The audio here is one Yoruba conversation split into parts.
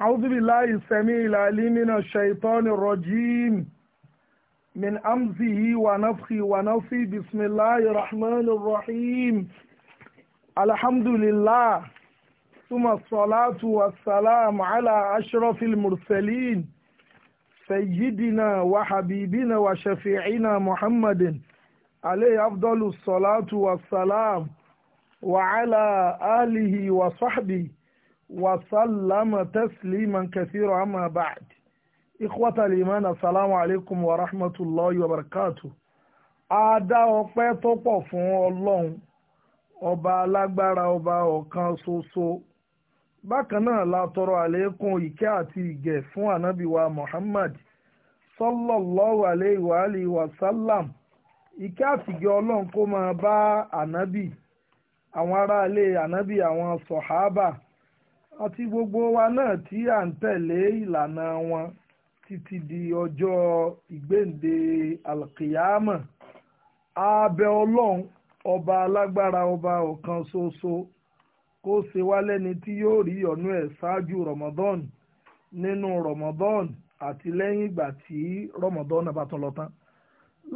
أعوذ بالله السميع العليم من الشيطان الرجيم من أمزه ونفخي ونفي بسم الله الرحمن الرحيم الحمد لله ثم الصلاة والسلام على أشرف المرسلين سيدنا وحبيبنا وشفيعنا محمد عليه أفضل الصلاة والسلام وعلى آله وصحبه وسلم تسليما كثيرا أما بعد إخوة الإيمان السلام عليكم ورحمة الله وبركاته Adá ọpẹ́ tó pọ̀ fún Ọlọ́run ọba alágbára ọba ọ̀kan ṣoṣo bákan náà la ike àlékún fún wa Muhammad sallallahu alayhi wa wa sallam Ike àtìgẹ́ Ọlọ́run kó máa anabi. àti gbogbo wa náà tí à ń tẹ̀lé ìlànà wọn títí di ọjọ́ ìgbéǹde alkiyama abẹ ọlọ́run ọba alágbára ọba ọ̀kan ṣoṣo kó ṣe wá lẹ́ni tí yóò rí ọ̀nú ẹ̀ ṣáájú ramadan nínú ramadan àti lẹ́yìn ìgbà tí ramadan náà bá tún lọ tán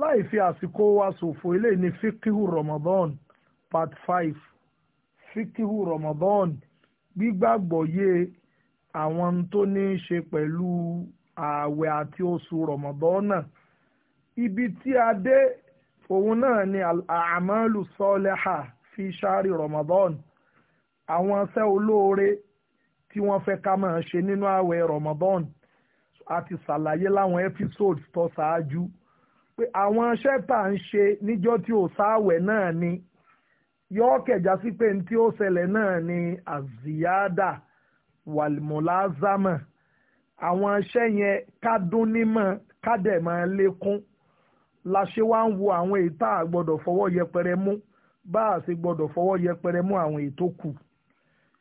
láì fi àsìkò wa ṣòfò eléyìí ní fikihu ramadan part five fikihu ramadan gbígbàgbọ́yé àwọn tó ní í ṣe pẹ̀lú ààwẹ̀ àti oṣù rọ̀mọ̀dọ́nà ibi tí a dé òun náà ni àmọ́lù sọ́lẹ́hà fi ṣáàrì rọ̀mọ̀dọ́nà àwọn iṣẹ́ olóore tí wọ́n fẹ́ ká máa ṣe nínú ààwẹ̀ rọ̀mọ̀dọ́nà a ti ṣàlàyé láwọn episodes tó ṣáájú pé àwọn iṣẹ́ tá à ń ṣe níjọ́ tí ò sáàwẹ̀ náà ni yọ́ kẹjà sí pé tí ó ṣẹlẹ̀ náà ni aziada walmulazama àwọn iṣẹ́ yẹn ká dún nímọ̀ ká dẹ̀ máa lékún la ṣe wá ń wo àwọn ètò àgbọ̀dọ̀ fọwọ́ yẹpẹrẹ mú bá a ṣe gbọ́dọ̀ fọwọ́ yẹpẹrẹ mú àwọn ètò kù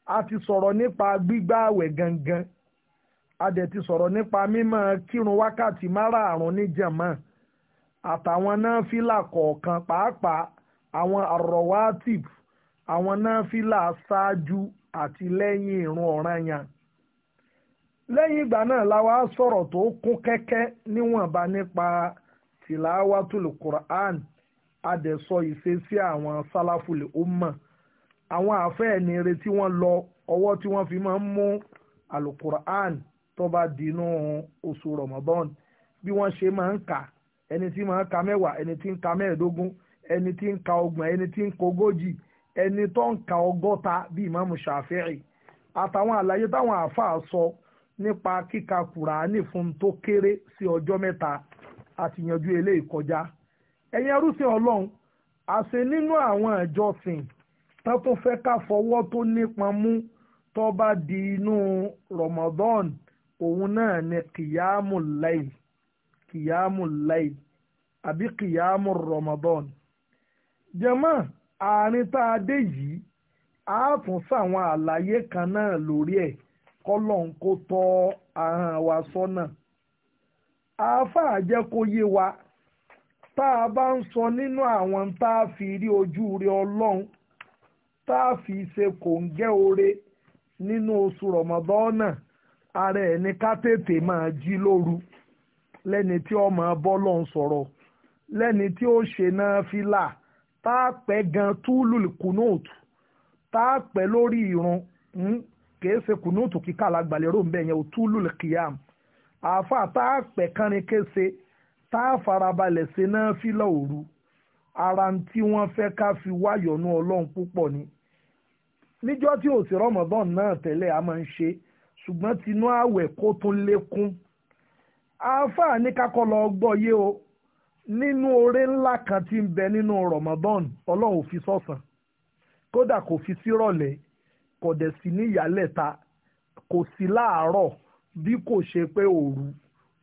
a ti sọ̀rọ̀ nípa gbígbà àwẹ̀ gangan a dẹ̀ ti sọ̀rọ̀ nípa mímọ́ kírun wákàtí márààrún níjàmọ́ àtàwọn náà fílà kọ̀ọ̀kan pàápàá àwọn arọwátìp àwọn náfìlà ṣáájú àti lẹ́yìn ìrun ọ̀ranyàn lẹ́yìn ìgbà náà làwa sọ̀rọ̀ tó kún kẹ́kẹ́ níwọ̀nba nípa tìláwátùlù Qur'an adẹ̀sọ ìṣesí àwọn sálàfùlì umma àwọn àfẹ́ẹ̀ni retí wọ́n lọ ọwọ́ tí wọ́n fi máa ń mú alukur'an tó bá dinú oṣù Ramadan bí wọ́n ṣe máa ń kà ẹni tí máa ń ka mẹ́wàá ẹni tí ń ka mẹ́ẹ̀ẹ́dógún ẹni tí ń ka ọgbọ̀n ẹni tí ń ka ẹni tó ń ka ọgọ́ta bíi ìmáàmù ṣàfẹ́rì àtàwọn àlàyé táwọn àáfàá sọ nípa kíka kùràánì fún tó kéré sí ọjọ́ mẹ́ta àtìyànjú eléyìí kọjá ẹ̀yin arúsìn ọlọ́run àṣẹ nínú àwọn ìjọsìn tó tún fẹ́ ká fọwọ́ tó Ramadan òun náà ni kìyàmù Ramadan jẹ́mọ́ àárín tá a dé yìí a tún sàwọn àlàyé kan náà lórí ẹ kọ́lọ́n kó tọ́ ahọ́n wa sọ́nà àáfàá jẹ́ kó yé wa tá a bá ń sọ nínú àwọn tá a fi rí ojú rí ọlọ́run tá a fi ṣe kòǹgẹ́ oore nínú oṣù rọ̀mọ̀dọ́nà ara ẹ̀ ní ká tètè máa jí lóru lẹ́ni tí ó máa bọ́ lọ́n sọ̀rọ̀ lẹ́ni tí ó ṣe náà fìlà tá a pẹ́ gan túlùl kùnúùtù tá a pẹ́ lórí ìrun hmm, kìí ṣe kùnúùtù kíkà lágbàlérò ń bẹ̀ yẹn ò túlùl kìyàm àáfà tá a pẹ́ kánrin kése tá a farabalẹ̀ ṣe náà fílà òru ara tí wọ́n fẹ́ ká fi wáyọ̀nú ọlọ́run púpọ̀ ni níjọ́ tí òsì rọmọdán náà tẹ́lẹ̀ a máa ń ṣe ṣùgbọ́n tinú àwẹ̀ kó tún lékún àáfà ní kakọ́ lọ gbọ́ yé o nínú oore ńlá kan tí ń bẹ nínú Ramadan ọlọ́run ò fi sọ́sàn kódà kò fi sírọ̀lẹ́ kò dẹ̀ sí ní ìyálẹ̀ta kò sí láàárọ̀ bí kò ṣe pé òru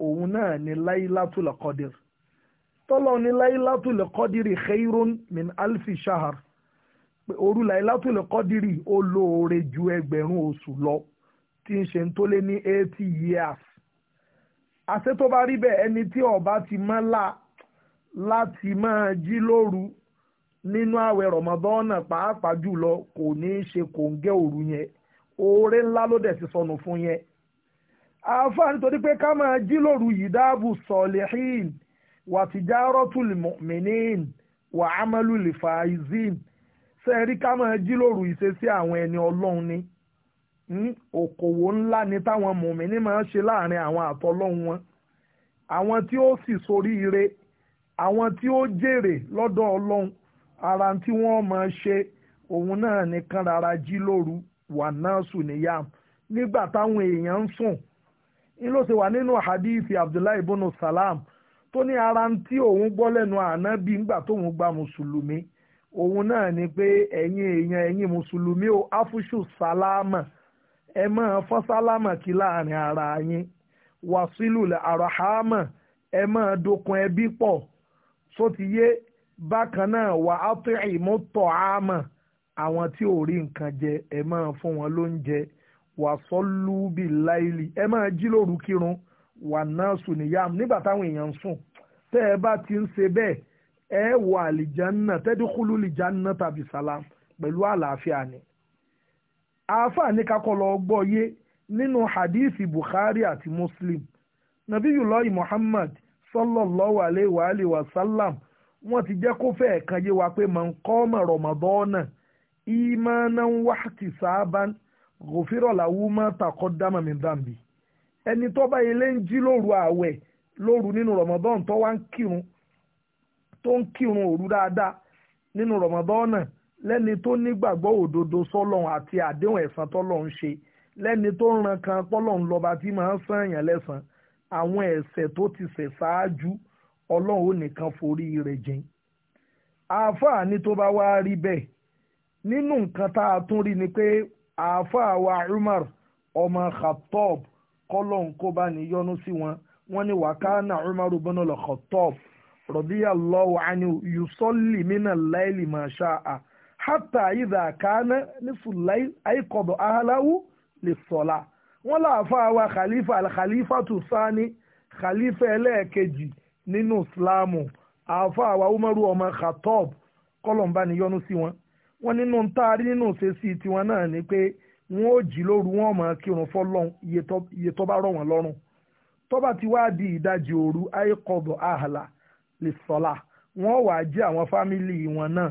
òun náà ni láìlátùlẹ̀ kọ́dìr tọ́lọ́ ni láìlátùlẹ̀ kọ́dìrì khairun min alfi shahar òru láìlátùlẹ̀ kọ́dìrì ó lóore ju ẹgbẹ̀rún oṣù lọ tí ń ṣe tó lé ní eighty years àṣẹ tó bá rí bẹ́ẹ̀ ẹni tí ọba ti mọ́ la láti máa jí lóru nínú ààwẹ̀ rọ̀mọdọ́nà pàápàá jùlọ kò ní í ṣe kòǹgẹ́ òru yẹn oore ńlá ló dẹ̀ ti sọnù fún yẹn. àáfàá nítorí pé ká máa jí lóru yìí dáàbò sọ̀lẹ́hìn wàtíjárọ́tùlì mọ̀mìnín sẹ́ẹ̀rí ká máa jí lóru ìṣesí àwọn ẹni ọlọ́run ni hmm? òkòwò ńlá ni táwọn mọ̀mìnín máa ń ṣe láàrin àwọn àtọ́lọ́run wọn àwọn tí ó sì sorí ire. àwọn tí ó jèrè lọ́dọ̀ ọlọ́run ara tí wọ́n máa ṣe òun náà nìkan rárá jí lóru wà náà sùn níyàm nígbà táwọn èèyàn ń sùn ń ló ṣe wà nínú hadith abdullahi ibn salam tó ní ara tí òun gbọ́ lẹ́nu ànábì ńgbà tóun gba mùsùlùmí òun náà ni pé ẹ̀yin èèyàn ẹ̀yin mùsùlùmí o afusu salama ẹ máa fọ́ sálámà kí láàrin ara yín wàsílù arahama ẹ máa dokun ẹbí pọ̀ só ti yé bákan náà wà á tó ìmọ̀tọ̀ àmọ̀ àwọn tí ò rí nǹkan jẹ ẹ máa fún wọn lóúnjẹ wà sọ́lú bí láìlì ẹ máa jí lóru kírun wà náà sùn níyàm nígbà táwọn èèyàn ń sùn tẹ́ ẹ bá ti ń ṣe bẹ́ẹ̀ ẹ wọ àlìjánná tẹ́dúkúlù lìjánná tàbí sàlám pẹ̀lú àlàáfíà ni. àáfàá ní kakọ́ lọ yé nínú hadisi Bukhari àti Muslim nabiyulayi Muhammad sallallahu alayhi wa alihi wa sallam wọ́n ti jẹ́ kó fẹ́ẹ̀ kan yé wa pé man qama ramadana imanan wahtisaban ghufira lahu ma taqaddama min dhanbi ẹni tó bá ilé ń jí lóru ààwẹ̀ lóru nínú ramadan tó wá ń kírun tó ń kírun òru dáadáa nínú ramadan lẹ́ni tó nígbàgbọ́ òdodo sọ́lọ́run àti àdéhùn ẹ̀san tọ́lọ́run ṣe lẹ́ni tó ń ran kan pọ́lọ́run lọ́ba tí máa ń san èèyàn án àwọn ẹ̀ṣẹ̀ tó ti ṣẹ̀ ṣáájú ọlọ́run ò nìkan forí rẹ̀ jìn àáfàá ní tó bá wá rí bẹ́ẹ̀ nínú nǹkan tá a tún rí ni pé àáfàá wa Umar ọmọ Khattab kọ́lọ́hún kó bá ní yọ́nú sí wọn wọ́n ní wàkánà Umar ibn al-Khattab radiyallahu anhu yusalli mina al-layli ma sha'a hatta idha kana nisfu al-layl ayqadha ahlahu wọ́n láàfáà wa khalifa al-khalifa tó sáni khalifa ẹlẹ́ẹ̀kejì nínú islamu àáfáà wa umaru ọmọ khatob kọlọ̀mbá ni yọ́nú sí wọn wọ́n nínú ntaari nínú ṣèṣì tiwọn náà ni pé wọ́n ò jí lóru wọn mọ̀ kírun fọlọ́n iye tó bá rọ̀ wọ́n lọ́rùn tó bá ti wá di ìdajì òru ayékọ̀dọ̀ àhàlà lè sọ́la wọ́n wàá jẹ́ àwọn fámìlì wọn náà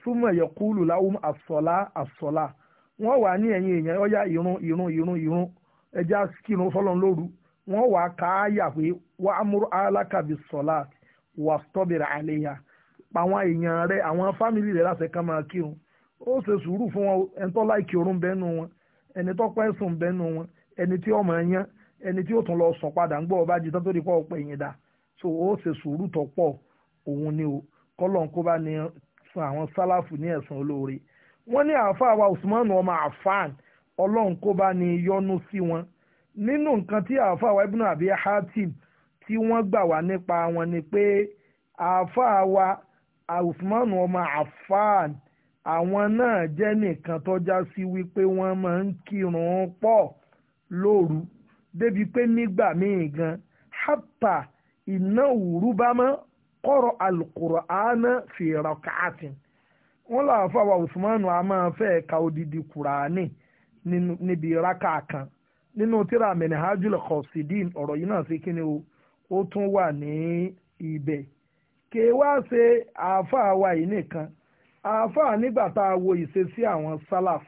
súnmọ́ ẹ̀yọ̀ kúlù láwùm àsọ̀lá àsọ̀lá wọ́n wà ní ẹ̀yìn èèyàn ọ̀yá ìrun ìrun ìrun ìrun ẹjẹ́ àsìkìrún fọlọ́n lóru wọ́n wàá ká àyà pé wà á múrò alákàbí sọ̀lá wà tọ́bìrì àléyà àwọn èèyàn rẹ àwọn fámìlì rẹ láṣẹ ká máa kírun ó ṣe sùúrù fún wọn ẹni tó láìkí orun bẹ́nu wọn ẹni tó pẹ́ sùn bẹ́nu wọn ẹni tí ọmọ yẹn ẹni tí ó tún lọ sùn padà ń gbọ́ ọba jí tó tó pọ̀ ọ̀pọ̀ ẹ̀yìn dà so ó ṣe sùúrù tó pọ̀ òun ni o kọ́lọ̀ kó bá ní fún àwọn sálàfù ní ẹ̀sùn olóore wọ́n ní àáfàá wa Usman ọmọ àfáàn ọlọ́run kó bá ní yọ́nú sí wọn nínú nǹkan tí àáfàá wa ibùnà àbí hatim tí wọ́n gbà wá nípa wọn ni pé àáfàá wa usman ọmọ afaan àwọn náà jẹ́ nìkan tọ́já sí wípé wọ́n máa ń kírun pọ̀ lóru débi pé nígbà míì gan hapa iná òwúrú bá mọ́ kọ́rọ̀ alukur'ana fi rak'atin wọ́n làáfàá wa usman a máa fẹ́ ka odidi kùránì. níbi rákà kan nínú tíra Minhajul Qasidin ọ̀rọ̀ yìí náà sí kíni o ó tún wà ní ibẹ̀ kì í wá ṣe àáfàá wa yìí nìkan àáfàá nígbà tá a wo ìṣesí àwọn sálàf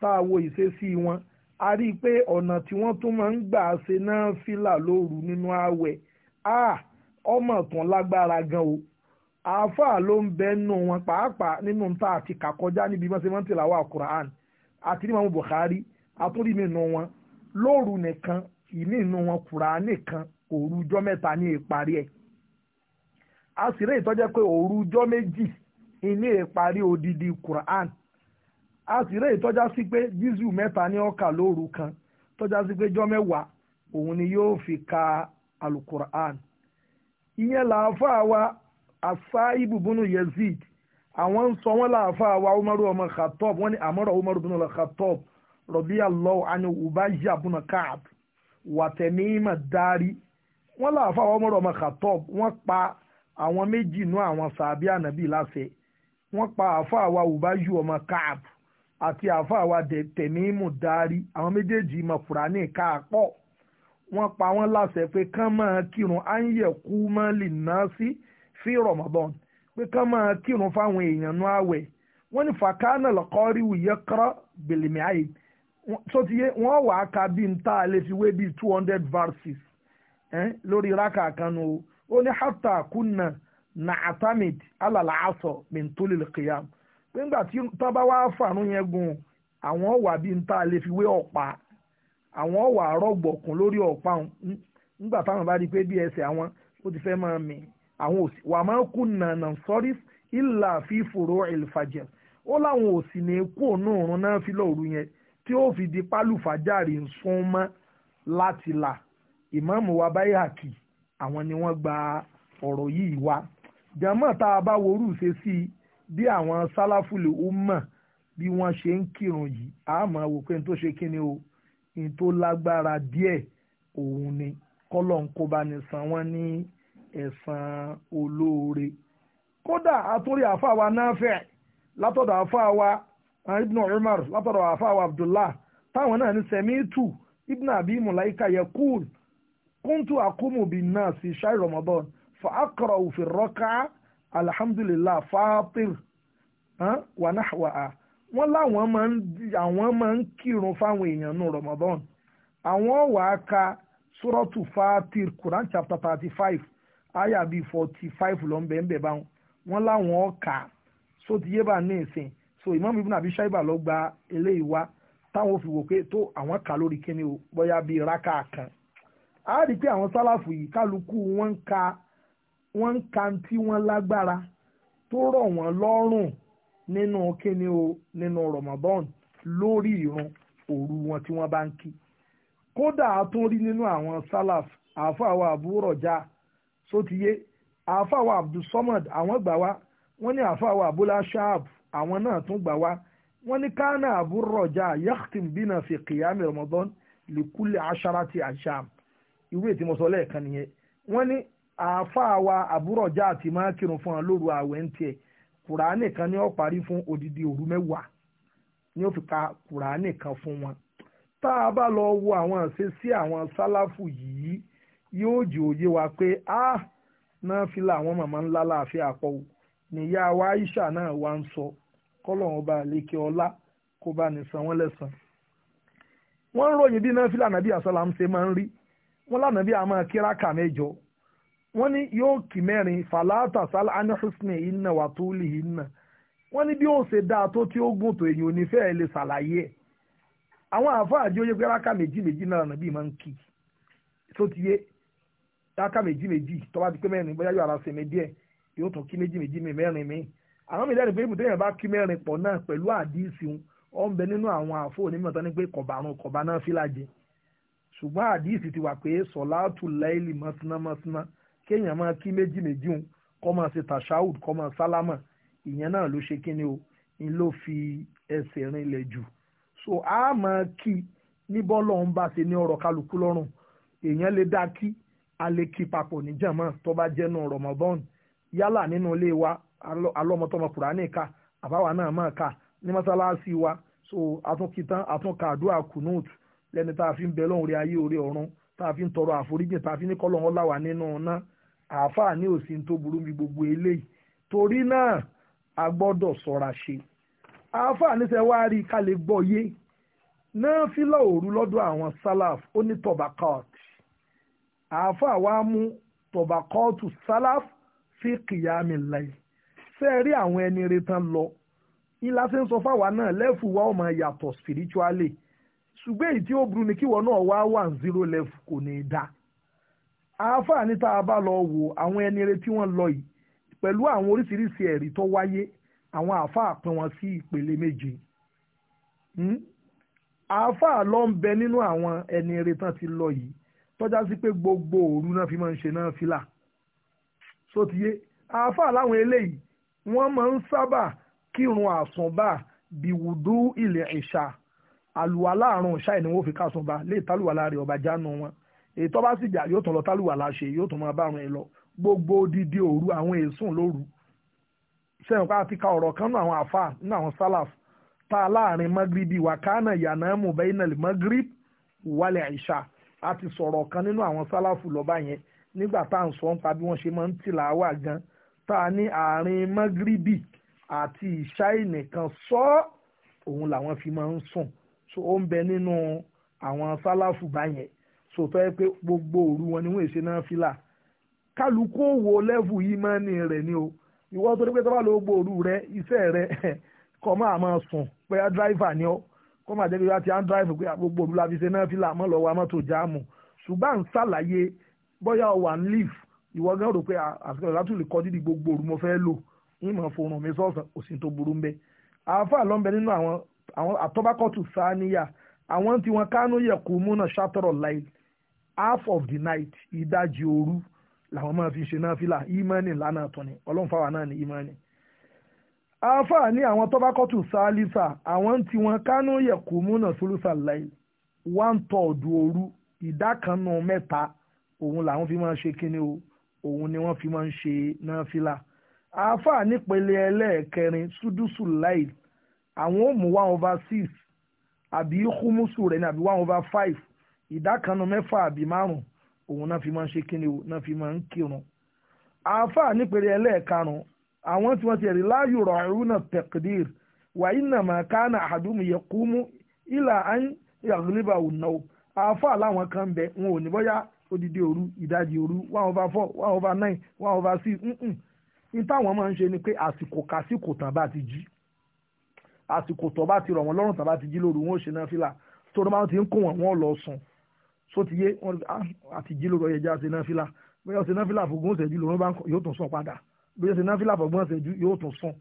tá a wo ìṣesí wọn a rí i pé ọ̀nà tí wọ́n tún máa ń gbà ṣe náà fìlà lóru nínú ààwẹ̀ a ọmọ kan lágbára gan o àáfàá ló ń bẹ́ẹ̀ nù wọn pàápàá nínú tá a ti kà kọjá níbi wọ́n ṣe máa ń àti ní mamu Bukhari àtúrí mi nù wọn lóru nìkan ìmí nù wọn Kùránì kan òru ọjọ́ mẹ́ta ní ìparí ẹ̀ a sì rí ìtọ́jẹ́ pé òru ọjọ́ méjì ní ìparí odidi Quran a sì rí ìtọ́já sí pé jísù mẹ́ta ní ọkà lóru kan tọ́já sí pé jọ́ mẹ́wàá òun ni yóò fi ka alukur'an ìyẹn làáfàá wa asaibu bunu yezid àwọn ń sọ wọ́n láàfà wa umaru ọmọ khatob wọ́n ní àmọ́rọ̀ umaru bin khatob radiyallahu anhu ubayya bin ka'b wa tamima dari wọ́n láàfà wa umaru ọmọ khatob wọ́n pa àwọn méjì inú àwọn sàbí ànábì láṣẹ wọ́n pa àfà wa ubayyu ọmọ ka'b àti àfà wa tamimu dari àwọn méjèèjì mọ̀ fúrání káàpọ̀ wọ́n pa wọ́n láṣẹ pé kán máa kírun áńyẹ̀kú mọ́lì náà sí fi ramadan pé ká máa kírun fáwọn èèyàn nú àwẹ̀ wọ́n ní fàkánà lọ́kọ́rí wùyẹ́ kọ́rọ́ gbèlèmí ayé sotiye wọ́n wà á ka bíi nta lè fi wé bíi two hundred verses lórí rákà kan o ó ní kunna na nàátámìd alala àṣọ mintuli kìyàm pé ńgbà tí tọ́ba wá fàánú yẹn gùn àwọn wà bíi nta lè fi wé ọ̀pá àwọn wà á rọ̀gbọ̀kùn lórí ọ̀pá ńgbà táwọn bá rí pé bí ẹsẹ̀ àwọn ó ti fẹ́ máa mì àwọn òsì wà máa ń kú nànà sọ́rí ìlà fífòrò ìlfàjẹ̀ ó láwọn òsì ní kú òun òun náà fi lóru yẹn tí ó fi di pálùfàjárì ń sún mọ́ láti là ìmáàmù wa báyàkì àwọn ni wọ́n gba ọ̀rọ̀ yìí wá jàmọ́ tá a bá worú ṣe sí i bí àwọn sáláfùlù umma bí wọ́n ṣe ń kírun yìí a máa wò pé n tó ṣe kíni o n tó lágbára díẹ̀ òun ni kọ́lọ̀ ń kó bá ní san wọ́n ní. Ni ẹ̀san olóore kódà àtúrí àfáà wa náfẹ̀ látọ̀dọ̀ àfáà wa uh, ibn umar látọ̀dọ̀ àfáà wa abdullah táwọn náà ní sẹ̀mítù ibn abi mulaika yakul kuntu akumu bin nas fi shai ramadan fa akra'u fi raka alhamdulillah fatir uh, wa nahwa'a wọn láwọn máa ń àwọn máa ń kírun fáwọn èèyàn nù ramadan àwọn wàá ka suratu fatir quran chapter thirty five Aya bi forty five lọ́nbẹ̀ ń bẹ̀ báwọn wọ́n láwọn ọ̀kà so ti yé bá ní ìsìn so Imam Ibn Abi Shaiba lọ gba eléyìí wá táwọn fi wò pé tó àwọn kà lórí kíni o bóyá bíi rákà kan a rí i pé àwọn sálàfù yìí kálukú wọ́n ń ka wọ́n ń ka tí wọ́n lágbára tó rọ̀ wọ́n lọ́rùn nínú kíni o nínú Ramadan lórí ìrun òru wọn tí wọ́n bá ń kí kódà a tún rí nínú àwọn sálàfù àáfàá wa àbúrò já ja, sotiye àáfàwà abdulsamad àwọn gbà wá wọ́n ní àáfàwà abúlá shahab àwọn náà tún gbà wá wọ́n ní kánà àbúrọ̀jà yakhtim bina fi qiyami ramadan likuli asharati asham irú ètí mo sọ lẹ́ẹ̀kan nìyẹn wọ́n ní àáfàwà àbúrọ̀jà àti mákìrún fún wọn lóru àwẹ̀ ń tiẹ̀ kùránì kan ní ó parí fún odidi òru mẹ́wàá ni ó fi ka kùránì kan fún wọn tá a bá lọ wo àwọn àṣesí àwọn sálàfù yìí yóò jì òye wa pé a ah, náà fi làwọn màmá ńlá láàfin àpọ̀ o níyà wa Aisha náà wá ń sọ kọ́lọ́hún ọba àlékè ọlá kó bá ní san wọ́n lẹ́san. wọ́n ń ròyìn bí náà fi lànà bí àsálàm ṣe máa ń rí wọ́n lànà bí àmọ́ kíráka mẹ́jọ wọ́n ní yóò kì mẹ́rin falata sal anihusne inna watuli inna wọ́n ní bí ó ṣe dáa tó tí ó gùn tó èyí onífẹ́ ẹ̀ lè ṣàlàyé ẹ̀ àwọn àfáà àjọyọ̀ pé ráka méjì méjì náà máa ń kì í tó ti yé dáká méjì méjì tó bá di pé mẹ́rin bóyá yóò ara ṣe mi díẹ̀ yóò tún kí méjì méjì mi mẹ́rin mi àwọn mi lẹ́rìí pé ibùdó yẹn bá kí mẹ́rin pọ̀ náà pẹ̀lú àdíìsì ó ń bẹ nínú àwọn àfọ onímọ̀ tó ní pé kọ̀bàrún kọ̀bà náà fílàjì ṣùgbọ́n àdíìsì ti wà pé sọ̀láàtù láìlì mọ́sínámọ́síná kéèyàn máa kí méjì méjì ń kọ́ máa ṣe tàṣáwùd kọ́ máa sálámà ìyẹn náà ló ṣe so a máa kí ni lọ́n bá ṣe ní èèyàn lè dá kí a lè kí papọ̀ níjàmọ́ tó bá jẹ́ nù Ramadan yálà nínú ilé wa alọ́mọtọ́mọ kùránì ká àbáwa náà máa ká ní mọ́sálásí wa so àtúnkìtán àtúnkà àdúrà kùnúùtù lẹ́ni tá a fi ń bẹ lọ́hùn rí ayé òrí ọ̀run tá a fi ń tọrọ àforíjì tá a fi ní kọ́lọ́hún láwà nínú ọ̀nà àáfàá ní òsì tó burú bí gbogbo eléyìí torí náà a gbọ́dọ̀ sọ̀ra ṣe àáfàá níṣẹ́ wá rí ká lè gbọ́ yé náà fílà òru lọ́dọ̀ àwọn sálàf onítọ̀bà àáfàá wa mú tọ̀bàkọ́ọ̀tù salaf sí kìyàmì láì sẹ́ẹ̀rí àwọn ẹni retán lọ ńlá ṣe ń sọ fáwa náà lẹ́fù wa ó yàtọ̀ spiritually ṣùgbọ́n èyí tí ó burú ni kíwọ náà wá wà ní zero level kò ní í dá àáfàá níta bá lọ wò àwọn ẹni retí wọn lọ yìí pẹ̀lú àwọn oríṣiríṣi ẹ̀rí tó wáyé àwọn àáfàá pín wọn sí ìpele méje hmm? àáfàá ló ń bẹ nínú àwọn ẹni retán ti lọ yìí tọ́já sí pé gbogbo òru náà fi máa ń ṣe náà fìlà sotiye àáfà láwọn eléyìí wọ́n máa ń sábà kírun àsùnbà bìwùdú ilẹ̀ ìṣà àlùwàlá àrùn ìṣà ìnáwó fi kásùnbà lè tálùwàlá rẹ̀ ọba jánu wọn ètò bá sì jà yóò tún lọ tálùwàlá ṣe yóò tún máa bá àrùn ẹ lọ gbogbo odidi òru àwọn èsùn lóru sẹ́yìn pa àti ka ọ̀rọ̀ kan nínú àwọn àáfà nínú àwọn sálàf ta láàrin magribi wàkánà yànnà mùbẹ́yìnà magrib wàlẹ̀ ìṣà a ti sọ̀rọ̀ kan nínú àwọn sálàfù lọ́ba yẹn nígbà tá à ń sọ nípa bí wọ́n ṣe máa ń tìlàwà gan tá a ní àárín mọ́gíríbì àti ìṣáì nìkan sọ òun làwọn fi máa ń sùn so ó ń bẹ nínú àwọn sálàfù báyẹn so tó yẹ pé gbogbo òru wọn ni wọ́n èsè náà fìlà kálukú wo lẹ́fù yìí máa ní rẹ̀ ni o ìwọ́n tó ní pé tó bá lọ gbogbo òru rẹ iṣẹ́ rẹ kọ́ máa máa sùn pé dráìvà ni ọ́ kó má débi wá ti andrive pé ah, gbogbo òru fi ṣe náà fi làmọ́ lọ́wọ́ amọ́tò jáàmù ṣùgbọ́n à ń ṣàlàyé bóyá ọwà ń leaf ìwọ gan rò pé ah, àsìkò ìlàtú lè kọ́ dídì gbogbo òru mo fẹ́ lò ìmọ̀ fòrùn mi sọ̀sán òsì tó burú ń bẹ àáfàá lọ́nbẹ nínú àwọn àwọn àtọ́bákọ́tù sáníyà àwọn tí wọn kánú yẹ̀kú múnà ṣàtọ̀rọ̀ láì half of the night ìdajì òru làwọn máa fi ṣe náà fìlà ìmọ̀ọ́nì lánàá tún ni ọlọ́run fáwa náà ní ìmọ̀ọ́nì àáfàá ní àwọn tó bá kọ́tù sáálísà àwọn tí wọ́n kánú yẹ̀kú múnà sólùsà láì one third òru ìdá kan nù òun làwọn fi máa ń ṣe kíni o òun ni wọ́n fi máa ń ṣe náfìlà àáfàá nípele ẹlẹ́ẹ̀kẹrin sùdùsù láì àwọn ò mú one over six àbí húmùsù rẹ̀ ní àbí one over five ìdá kan nù mẹ́fà àbí márùn-ún òun náà fi máa ń ṣe kíni o náà fi máa ń kírun àáfàá nípele ẹlẹ́ẹ̀karùn àwọn tí wọ́n ti rí láàyò rọ̀rùnà tẹ̀kídìr wà iná máa kánà àdúmù yẹ kúmú ìlà án yàgùlébà ònà o àáfà láwọn kan bẹ wọn ò ní bọ́yá odidi òru ìdajì òru one over four one over nine one over six nǹkan ní táwọn máa ń ṣe ni pé àsìkò kásìkò tán bá ti jí àsìkò tó bá ti rọ̀ wọ́n lọ́rùn tán bá ti jí lóru wọn ò ṣe náà fìlà tó máa ti ń kó wọn wọn lọ sùn so ti yé wọn àti ah, jí lóru ọyẹjà ṣe náà fìlà bóyá ṣe náà fìlà fògùn ṣẹ́jú lòun yóò tún sùn padà bí ó ṣe náà fílà fọgbọ́n ṣẹ́jú yóò tún sùn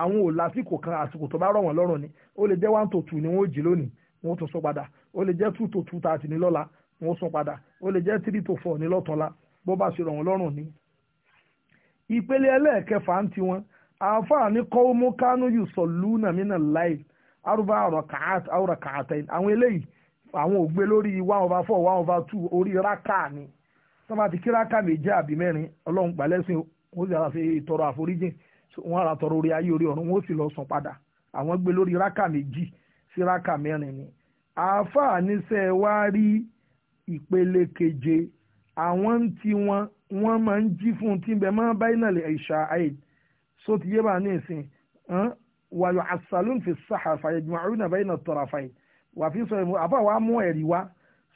àwọn ò lásìkò kan àsìkò tó bá rọ̀ wọ́n lọ́rùn ni ó lè jẹ́ one to two ni wọ́n jí lónìí wọ́n tún sùn padà ó lè jẹ́ two to two thirty ní lọ́la wọ́n sùn padà ó lè jẹ́ three to four ní lọ́tọ̀ọ́la bó bá ṣe rọ̀ wọ́n lọ́rùn ni. ìpele ẹlẹ́ẹ̀kẹfà ń tiwọn àǹfààní kọ́wọ́mú kánú yìí sọ lúnà mí náà láì arúgbó àrọ̀ kàát àrọ̀ kàátẹ́yìn àwọn eléyìí àwọn ò gbé lórí one over ti kí rákà méjì àbí mẹ́rin ọlọ́run gbàlẹ́sìn wọ́n sì ara fi tọrọ àforíjìn wọ́n ara tọrọ orí ayé orí ọ̀run wọ́n sì lọ sàn padà àwọn gbé lórí rákà méjì sí rákà mẹ́rin ni. àáfàá níṣẹ́ wá rí ìpele keje àwọn ń ti wọn wọ́n máa ń jí fún un tí bẹ́ẹ̀ máa bá iná lè ṣá àìd só ti yé bá ní ìsìn wàlú àṣàlùm fi sáà fàyè jùmọ̀ àrùn náà bá iná tọrọ àfàyè wàfíì sọ ìmọ̀ àbá wa mú ẹ̀rí wá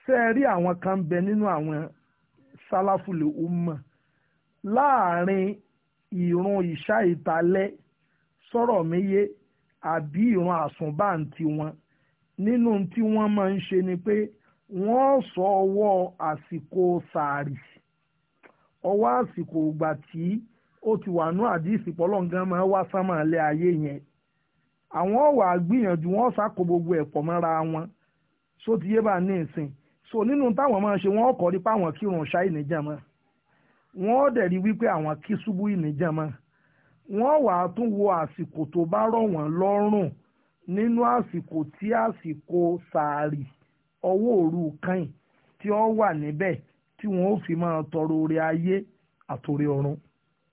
ṣé àwọn kan bẹ nínú àwọn sálàfùlẹ̀ ọmọ láàrin ìrun ìṣá ìtàlẹ́ sọ̀rọ̀ mi yé àbí ìrun àsùnbáǹtì wọn nínú tí wọ́n máa ń ṣe ni pé wọ́n sọ ọwọ́ àsìkò sàárì ọwọ́ àsìkò ìgbà tí ó ti wà ní àdìsí pọ́lọ́ngàn máa wá sánmà lé ayé yẹn àwọn ọ̀wà gbìyànjú wọ́n sàkó gbogbo ẹ̀pọ̀ mọ́ra wọn só ti yé bá ní ìsìn so nínú táwọn máa ṣe wọ́n kọ́ rí páwọn kírun ṣáì níjàmọ́ wọ́n dẹ̀ rí wípé àwọn kí ṣubú ìníjàmọ́ wọ́n wàá tún wo àsìkò tó bá rọ̀ wọ́n lọ́rùn nínú àsìkò tí àsìkò sàárì ọwọ́ òru kàn tí ó wà níbẹ̀ tí wọ́n ó fi máa tọrọ orí ayé àtòrí ọ̀run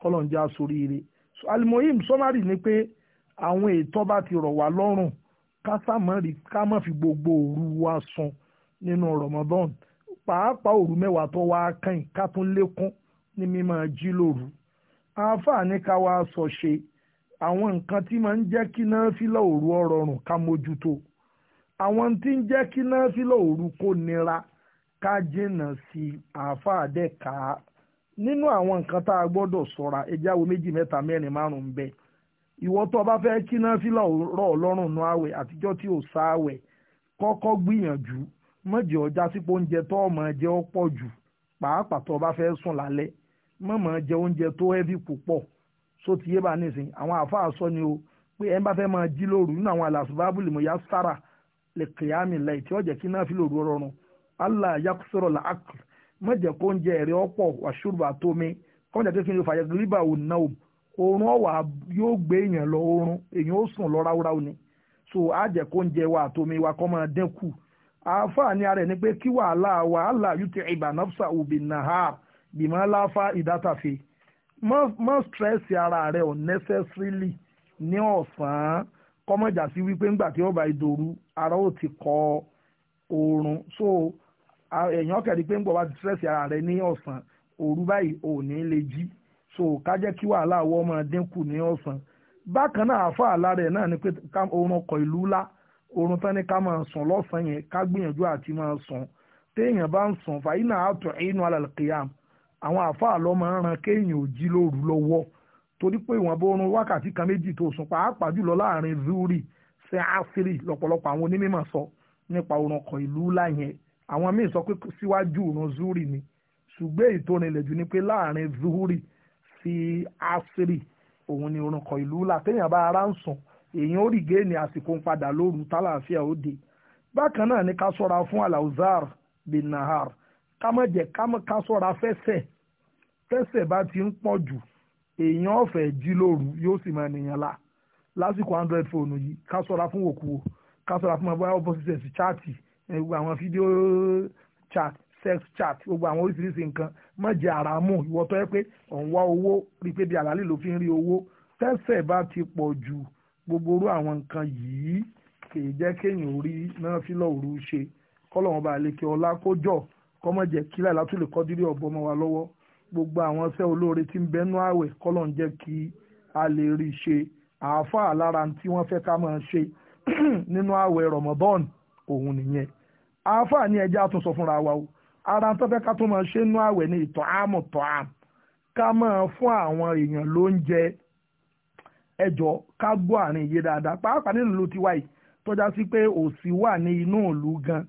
kọ́lọ̀njẹ́ àsorí ire alimoyim sọ́márì ni pé àwọn ètò bá ti rọ̀ wá lọ́rùn ká sàmọ́rì ká má fi gbogbo òru wa sùn nínú Ramadan pàápàá òru mẹ́wàá tó wá kàn ká tún lékún ní mímọ́ jí lóru àáfàá ní ká wá sọ ṣe àwọn nǹkan tí máa ń jẹ́ kí náà fílà òru ọ̀rọ̀rùn ká mójútó àwọn tí ń jẹ́ kí náà fílà òru kó nira ká jìnnà sí àáfàá dẹ̀ ká nínú àwọn nǹkan tá a gbọ́dọ̀ sọ̀ra ẹja wo méjì mẹ́ta mẹ́rin márùn-ún bẹ́ẹ̀ ìwọ tó o bá fẹ́ kí náà fílà rọ̀ ọlọ́run nu àwẹ̀ àtijọ́ tí ò sá kọ́kọ́ gbìyànjú mọ̀jẹ̀ ọjà sípò oúnjẹ tó ọmọ jẹ́ ọ pọ̀ jù pàápàá tó o bá fẹ́ sùn lálẹ́ má máa jẹ oúnjẹ tó heavy púpọ̀ só ti yé bá nísìn àwọn àáfàá sọ ni o pé ẹ bá fẹ́ máa jí lóru nínú àwọn àlàsùbábùlì mọ̀yá sára lè kìyàmì láì tí ó jẹ́ kí náà fi lòru rọrùn allah yakusoro la ak má jẹ́ kó oúnjẹ ẹ̀rẹ́ ọ̀pọ̀ wàṣúrùbà tómi kọ́ńtà tó fi ní fàyẹ̀ gíríbà òun náà oorun ọ̀wà yóò gbé èèyàn lọ oorun èèyàn ó sùn lọ ráúráú ni so á jẹ́ kó oúnjẹ wa àtomi wa kọ́ máa dínkù àáfàá ni ara ẹ̀ ni pé kí wàhálà wàhálà yóò ti ìbànúfsà òbí nàhàr bìmọ̀ láfa ìdátàfẹ́ má stress ara rẹ̀ unnecessarily ní ọ̀sán kọ́mọ̀jà sí wípé ńgbà tí ọba ìdòru ara ó ti kọ oorun so èèyàn kẹ̀rí pé ń bọ̀ ti stress ara rẹ̀ ní ọ̀sán òru báyìí ò ní lè jí so ká jẹ́ kí wàhálà àwọ̀ ọmọ dínkù ní ọ̀sán bákan náà àfa àlárẹ̀ náà ni pé oorun ọkọ̀ ìlú ńlá oorun tán ni ká máa sùn lọ́sàn-án yẹn ká gbìyànjú àti máa sùn téèyàn bá ń sùn fàyínà àtọ̀ inú alàlùkìyàmù àwọn àáfàá lọ máa ń ran kéèyàn ò jí lóru lọ́wọ́ torí pé ìwọ̀n bó run wákàtí kan méjì tó sùn pàápàá jùlọ láàrin zuri sí asiri lọ́pọ̀lọpọ̀ àwọn onímọ̀ sọ nípa orun ọkọ̀ ìlú láyẹn àwọn míì sọ pé síwájú orun zuri ni ṣùgbọ́n èyí ni pé láàrin zuri sí asiri òun ni orun ọkọ̀ ìlú là téèyàn bá ara ń sùn èèyàn ó rí géènì àsìkò ń padà lóru tálàáfíà ó dé bákan náà ni ká sọ́ra fún alauzar bin nahar ká má jẹ́ ká má ká sọ́ra fẹ́sẹ̀ fẹ́sẹ̀ bá ti ń pọ̀ jù èèyàn ọ̀fẹ́ jí lóru yóò sì máa nìyàn la lásìkò android fóònù yìí ká sọ́ra fún òkúwo ká sọ́ra fún ọba opposite sex chat gbogbo àwọn fídíò chat sex chat gbogbo àwọn oríṣiríṣi nǹkan má jẹ́ àràmù ìwọ tó yẹ pé òun wá owó rí pé bí àlálì ló fi ń rí owó fẹ́sẹ̀ bá ti pọ̀ jù gbogbo orú àwọn nǹkan yìí kì í jẹ́ kéèyàn orí náà fílọ̀ òru ṣe kọ́lọ́wọ́n bá lè kí ọlá kó jọ̀ kọ́mọ jẹ́ kí láì látúlẹ̀ kọ́dírí ọ̀bọ ọmọ wa lọ́wọ́ gbogbo àwọn iṣẹ́ olóore tí ń bẹnu àwẹ̀ kọ́lọ̀ ń jẹ́ kí a lè rí i ṣe àáfàá lára tí wọ́n fẹ́ ká máa ṣe nínú àwẹ̀ Ramadan òun nìyẹn àáfàá ní ẹjẹ́ àtúnṣọ fúnra wa o ara tó fẹ́ ká tó máa ṣe nínú àwẹ̀ ní ìtọ́ àmù tọ́ àm ká máa fún àwọn èèyàn lóúnjẹ ẹjọ́ ká gbọ́ àárín iye dáadáa pàápàá nínú tiwa yìí tọ́já sí pé òṣì wà ní inú ìlú gan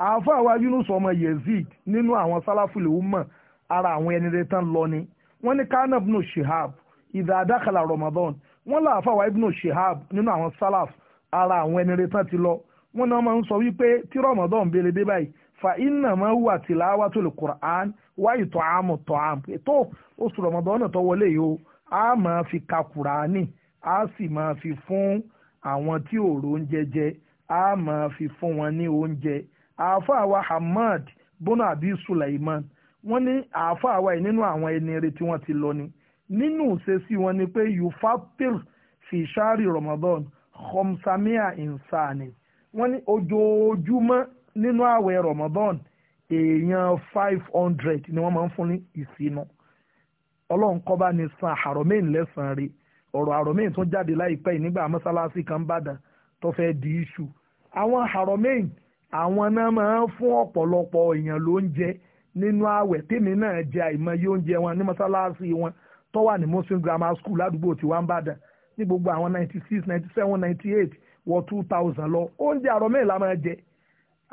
àáfà wa Yunus ọmọ yezid, nínú àwọn sálàfùlì umma ara àwọn ẹni rẹ tán lọ ni wọ́n ní kánà ibnu Shihab ìdá àdákàlà Ramadan wọ́n là wa ibnu Shihab nínú àwọn sálàf ara àwọn ẹni rẹ tán ti lọ wọ́n náà máa ń sọ wípé tí Ramadan béèrè dé báyìí fa iná máa wà tìláwá tó lè Qur'an wá ìtọ̀ àmọ̀ tọ̀ àmọ̀ ètò oṣù Ramadan tó wọlé yìí o a máa fi ka Qur'ani a sì máa fi fún àwọn tí òòrùn jẹjẹ a máa fi fún wọn ní oúnjẹ àáfàá wa Hamad bono abi Sulaiman wọ́n ní àáfàá wa yìí nínú àwọn ẹni eré tí wọ́n ti lọ ni nínú ìṣesí wọn ni pé yufatir fi ṣáàrì Ramadan khomsamia insani wọ́n ní ojoojúmọ́ nínú ààwẹ̀ Ramadan èèyàn five hundred ni wọ́n máa ń fún ní ìsinú ọlọ́run kọ́ bá ní san àròmẹ́yìn lẹ́sàn-án rẹ̀ ọ̀rọ̀ àròmẹ́yìn tó jáde láìpẹ́ yìí nígbà mọ́sálásí kan bàdàn tó fẹ́ di iṣu àwọn àròmẹ́yìn àwọn náà máa ń fún ọ̀pọ̀lọpọ̀ èèyàn lóúnjẹ nínú ààwẹ̀ tèmi náà jẹ àìmọye oúnjẹ wọn ní mọ́sálásí wọn tó wà ní muslim grammar school ládùúgbò tí wọ́n ń bàdàn ní gbogbo àwọn ninety six ninety wọ two lọ oúnjẹ àrọ̀ mẹ́rin la máa jẹ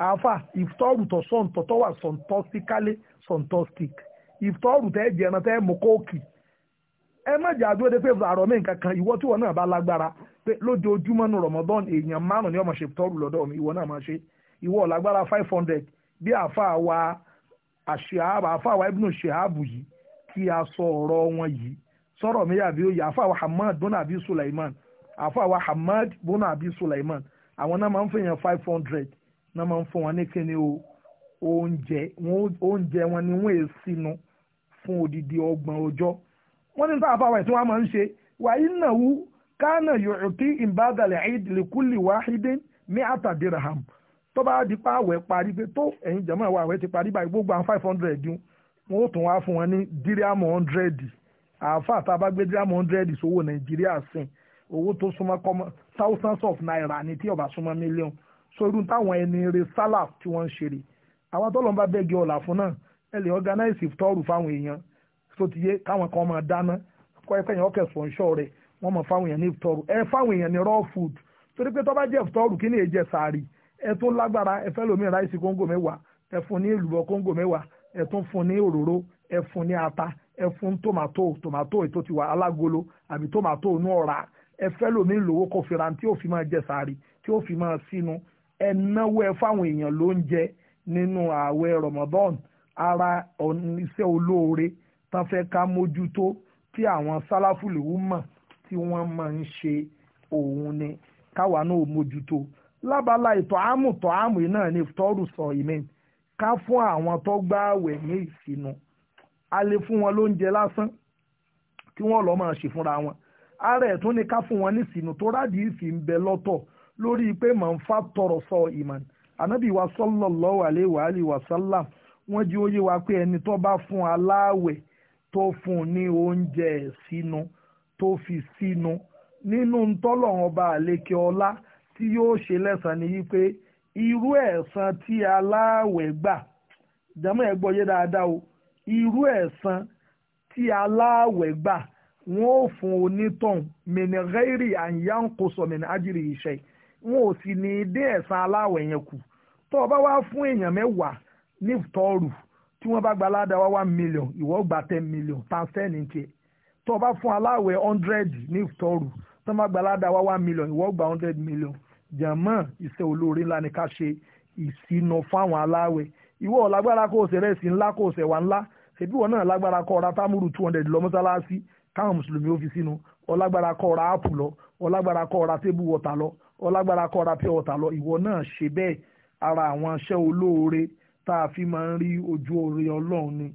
àáfà ìfitọ́rù tó sọ̀ǹtọ̀ tẹ́ mú kóòkì ẹ má de pé mẹ́rin kankan ìwọ tí wọn náà bá lágbára pé lójoojúmọ́ èèyàn márùn-ún ìwọ lágbára five hundred bí àáfàá wa àáfàá wa ibùdó ṣèhábù yìí tí a sọ ọ̀rọ̀ wọn yìí sọ̀rọ̀ mi yàbí ó yẹ àáfàá wa Hamad bọ́nà àbí Sulaiman àáfàá wa Hamad bọ́nà àbí Sulaiman àwọn náà máa ń fẹ̀yàn five hundred náà máa ń fún wọn ní kíni o oúnjẹ oúnjẹ wọn ni wọ́n èé sínú fún odidi ọgbọ̀n ọjọ́ wọ́n ní sáà fáwọn ẹ̀sìn wa máa ń ṣe wàyí náà wú kánà yòókì ìbádàlẹ̀ ìdìlẹ̀kùlì wáhídé ní àtàdíraham tó bá di pa àwẹ̀ parí pé tó ẹ̀yin jẹ̀mọ́ ìwà àwẹ̀ ti parí báyìí gbogbo àwọn five hundred dùn wọn ó tún wá fún wọn ní díríàmù hundred àáfà tá a bá gbé díríàmù hundred sówó nàìjíríà sìn owó tó súnmọ́ kọ́mọ́ thousands of naira ni tí ó súnmọ́ million sórú táwọn ẹni rè sálàf tí wọ́n ń ṣe rè àwọn tó lọ́n bá bẹ́ẹ̀ ọ̀là fún náà ẹ lè organize ìfitọ́rù fáwọn èèyàn tó ti yé káwọn kan máa dáná kọ́ ẹ kẹ́yìn ọkẹ́ sponsor rẹ̀ wọ́n máa fáwọn èèyàn ní ìfitọ́rù ẹ fáwọn èèyàn ní raw food torí pé tó bá jẹ́ ìfitọ́rù kí ni èjẹ sàárì ẹ tún lágbára ẹ fẹ́ lómi ráìsì kóńgò mẹ́wàá ẹ fún ní èlùbọ́ kóńgò mẹ́wàá ẹ tún ní òróró ẹ ní ata ẹ tomato, tomato tòmátò ètò tiwa alágolo àbí tòmátò inú ọ̀rá ẹ fẹ́ lómi lówó kò fi ran tí ó fi máa jẹ sàárì tí ó fi máa sínú ẹ ẹ fáwọn èèyàn lóúnjẹ nínú ààwẹ̀ Ramadan ara iṣẹ́ olóore tán fẹ́ ká mójútó tí àwọn sáláfùlù mọ̀ tí wọ́n máa ń ṣe òun ni káwa náà mójútó lábala ìtọ̀ àmù tọ̀ àmù yìí náà ni tọ́rù sọ ìmín ká fún àwọn tó gbá àwẹ̀ ní ìsinú a lè fún wọn lóúnjẹ lásán kí wọ́n lọ́ọ́ máa ṣe fúnra wọn ara tún ni ká fún wọn ní ìsinú tó rádìí ìsìn ń bẹ lọ́tọ̀ lórí pé màá ń fa tọrọ sọ ìmọ̀ ànábì wa sallallahu alaihi wa alihi wa sallam wọ́n jí óyé wa pé ẹni tó bá fún aláàwẹ̀ tó fún ní oúnjẹ sínú tó fi sínú nínú ntọ́lọ́run ọba àlékè ọlá tí yóò ṣe lẹ́san ni wípé irú ẹ̀san tí aláàwẹ̀ gbà jàmọ́ ẹ̀ gbọ́ yé dáadáa o irú ẹ̀san tí aláàwẹ̀ gbà wọ́n ò fún onítọ̀hún mẹnìrẹ́rì àyànkóso mẹnì ájírì iṣẹ́ wọn ò sì ní dé ẹ̀san aláàwẹ̀ yẹn kù tó o bá wá fún èèyàn mẹ́wàá ní tọ́ọ̀rù tí wọ́n bá gba aládàá wá one million ìwọ gba ten million times ten ní tiẹ̀ tó o bá fún aláàwẹ̀ hundred ní tọ́ọ̀rù tó o bá gba aládàá wá one million ìwọ gba hundred million jàmọ́ iṣẹ́ olóore ńlá ni ká ṣe ìṣínà fáwọn aláwẹ̀ ìwọ ò lágbára kó o ṣe rẹ́sì ńlá kó o ṣe wà ńlá ṣèbí wọn náà lágbára kó o ra támúrù two hundred lọ mọ́sálásí káwọn mùsùlùmí ó fi sínú ọlágbára kó o ra áàpù lọ ọlágbára kó o ra tébù wọ̀tà lọ ọlágbára kó o ra wọ̀tà lọ ìwọ náà ṣe bẹ́ẹ̀ ara àwọn iṣẹ́ olóore tá a fi máa ń rí ojú oore ọlọ́run ni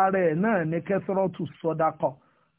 ara ẹ̀ náà ní kẹ́sọ́rọ́tù sọ́dákọ̀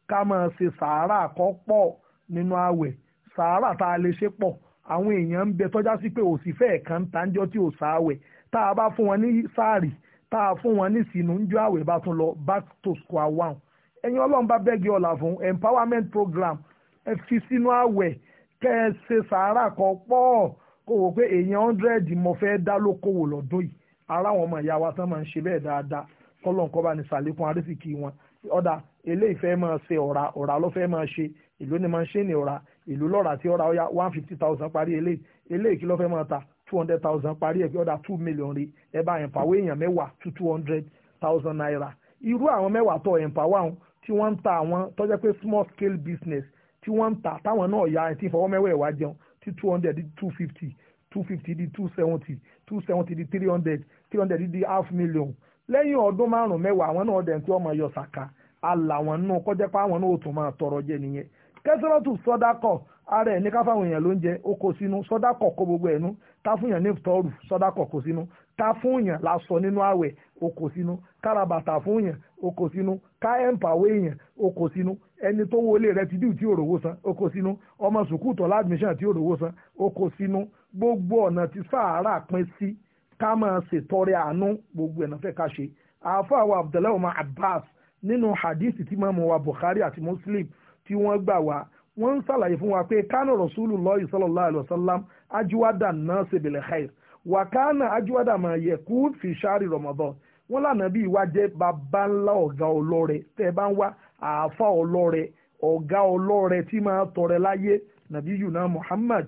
ká máa ṣe sàárà kọ́ pọ̀ nínú ààwẹ̀ sàárà tá a lè ṣe pọ̀ àwọn èèyàn ń bẹ tọ́já sí pé òsìfẹ́ ẹ̀ka ń ta ńjọ́ tí ò sáwẹ̀ tá a bá fún wọn ní sáàrì tá a fún wọn ní sínú ńjọ́ àwẹ̀ bá tún lọ back to square one ẹ̀yin ọlọ́run bá bẹ́gi ọ̀là fún empowerment program ẹ fi sínú àwẹ̀ kẹ́ ẹ ṣe sàárà kan pọ̀ kó wò pé èèyàn hundred mo fẹ́ dá lókòwò lọ́dún yìí ara àwọn ọmọ ìyá wa tán máa ń ṣe bẹ́ẹ̀ dáadáa kọ́lọ́n kọ́ bá ní sàlékún arísìkí wọn ọ̀dà eléyìí fẹ́ máa ṣe ọ̀rà ọ̀rà ló fẹ́ máa ṣe ìlú ni manṣẹ́ni ọ̀ra ìlú lọ́ra tí ọ̀ra ọ̀ya one fifty thousand parí eléyìí eléyìí kí ló fẹ́ máa ta two hundred thousand parí ẹ̀ kí ọ̀dà two million rí ẹ bá ẹ̀ǹpàwọ́ èèyàn mẹ́wàá to two hundred thousand naira irú àwọn mẹ́wàá tó ẹ̀ǹpàwọ́ àwọn tí wọ́n ń ta àwọn tó pé small scale business tí wọ́n ń ta táwọn náà ya ẹ̀ tí ìfọwọ́mẹ́wẹ̀ẹ́ wá jẹun tí two hundred di two fifty two fifty di two seventy two seventy di three hundred three hundred di half million lẹ́yìn ọdún márùn-ún mẹ́wàá àwọn náà dẹ̀ tí wọ́n máa yọ sàkà àlà àwọn náà kọjá pé àwọn náà ò tún máa tọrọ jẹ nìyẹn kẹsìrọ́tù sọ́dákọ̀ ara ẹ̀ ní ká fáwọn èèyàn ló ń jẹ ó kó sínú sọ́dákọ̀ kó gbogbo ẹ̀ nú ta fún yàn ní tọ́ọ̀rù sọ́dákọ̀ kó sínú ta fún yàn lásọ nínú àwẹ̀ ó kó sínú kárabàtà fún yàn ó kó sínú ká ẹ̀ǹpàwé yàn ó kó sínú ẹni tó wọlé rẹ ti dìú tí ò rówó san ó kó sínú ọmọ sùkúù tọ́lá admission tí ò san ó kó sínú gbogbo ọ̀nà tí sàárà pín sí ká máa ṣètọrẹ àánú gbogbo ẹ̀nà fẹ́ ká ṣe àáfàá wa Abdullahi Abbas nínú hadith tí mọ́mọ́ wa Bukhari àti Muslim tí wọ́n gbà wá wọ́n ń ṣàlàyé fún wa pé kánà Rasulullahi sallallahu alaihi wasallam ajiwada náà sebele khair wà kánà ajiwada máa yẹ kú fi ṣáàrì Ramadan wọ́n lànà bí ìwà jẹ́ bàbá ńlá ọ̀gá ọlọ́rẹ tẹ́ bá ń wá àáfà ọlọ́rẹ ọ̀gá ọlọ́rẹ tí máa tọrẹ láyé nàbí yuna Muhammad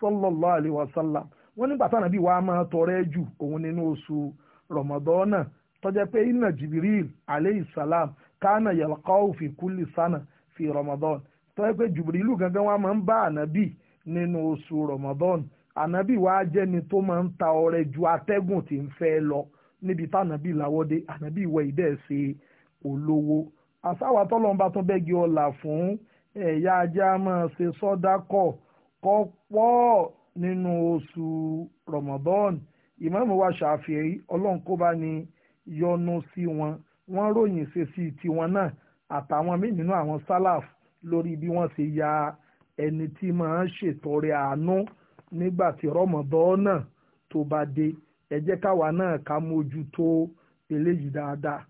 sallallahu alaihi wasallam nígbà táwọn nàbí wa máa tọrẹ jù òun nínú oṣù Ramadan náà tọ́jẹ́ pé inna Jibril aleyhi salam kánà yalqahu fi kulli sana fi Ramadan tó yẹ pé Jibrilu gangan wa máa ń bá ànábì nínú oṣù Ramadan ànábì wa jẹ́ni tó máa ń ta ọrẹ ju atẹ́gùn tí ń fẹ́ lọ níbi tànábì làwọ́dé ànábì ìwọ ìdẹ́ ṣe olówó àsáwà tọ́lọ́mbà tó bẹ́gi ọ̀là fún ẹ̀yà ajá máa ṣe sọ́dá kọ̀ kọ́ pọ̀ nínú oṣù Ramadan ìmáàmù wa ṣàfihàn ọlọ́run kó bá ní yọ́nú sí wọn wọ́n ròyìn ṣe sí tiwọn náà àtàwọn míì nínú àwọn sálàf lórí bí wọ́n ṣe ya ẹni tí máa ń ṣètọrẹ àánú nígbà tí rọmọdán náà tó bá dé ẹ jẹ́ káwa náà ká mójútó eléyìí dáadáa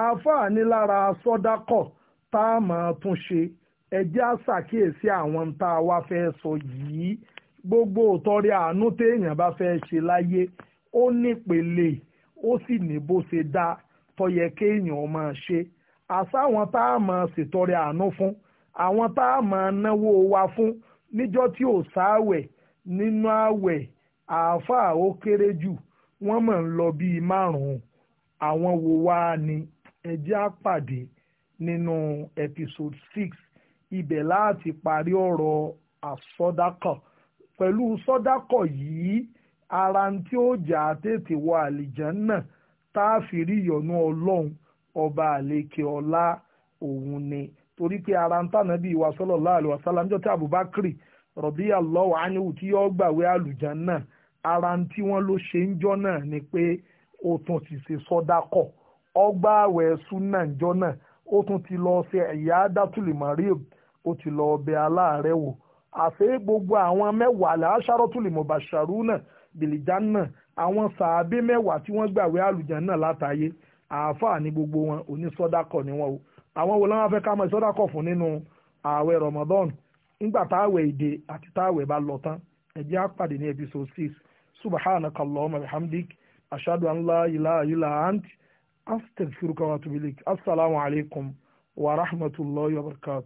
àáfàá ní lára sọ́dákọ̀ tá a máa tún ṣe ẹ jẹ́ àṣàkíyèsí àwọn tá a wá fẹ́ sọ yìí gbogbo ìtọrẹ àánú téèyàn bá fẹ́ ṣe láyé ó nípele ó sì ní bó ṣe dá tó kéèyàn máa ṣe àsáwọn tá a máa ṣètọrẹ àánú fún àwọn tá a máa náwó wa fún níjọ́ tí ò sáwẹ̀ nínú àwẹ̀ àáfàá ó kéré jù wọ́n máa ń lọ bíi márùn àwọn wo wá ni ẹ jẹ́ nínú episode six ibẹ̀ láti parí ọ̀rọ̀ àsọdákọ̀ pẹ̀lú sọdákọ̀ yìí ara tí ó jà tètè wọ àlìjàn náà tá a fi rí ìyọ́nú ọlọ́run ọba àlekè ọlá òun ni torí pé ara ń tànà bíi wa sallallahu alaihi wasallam níjọ́ tí Abubakar radiyallahu anhu tí yóò gbàwé àlùjánnà ara ń tí wọ́n ló ṣe ń jọ́ náà ni pé ó tún ti ṣe sọ́dákọ̀ ọgbà àwẹ̀ súnà ń jọ́ náà ó tún ti lọ ṣe ẹ̀yà dátùlìmọ̀ríb o ti lọ ọbẹ̀ aláàárẹ̀ wò àṣé gbogbo àwọn mẹ́wàá làásàrọ̀tùlìmọ̀bàṣàrú náà bìlìjá náà àwọn sàábé mẹ́wàá tí wọ́n gbàwé àlùjánnà látàyé àáfàá ní gbogbo wọn onísọdákọ ni wọn o àwọn wo láwọn fẹ́ ká mọ ìsọdákọ fún nínú ààwẹ̀ Ramadan nígbà táàwẹ̀ èdè àti táàwẹ̀ bá lọ tán ẹ jẹ́ á ní episode six subhanaka allahumma bihamdik ashadu an la ilaha illa ant astaghfiruka wa atubu assalamu alaikum wa rahmatullahi wa barakatuh.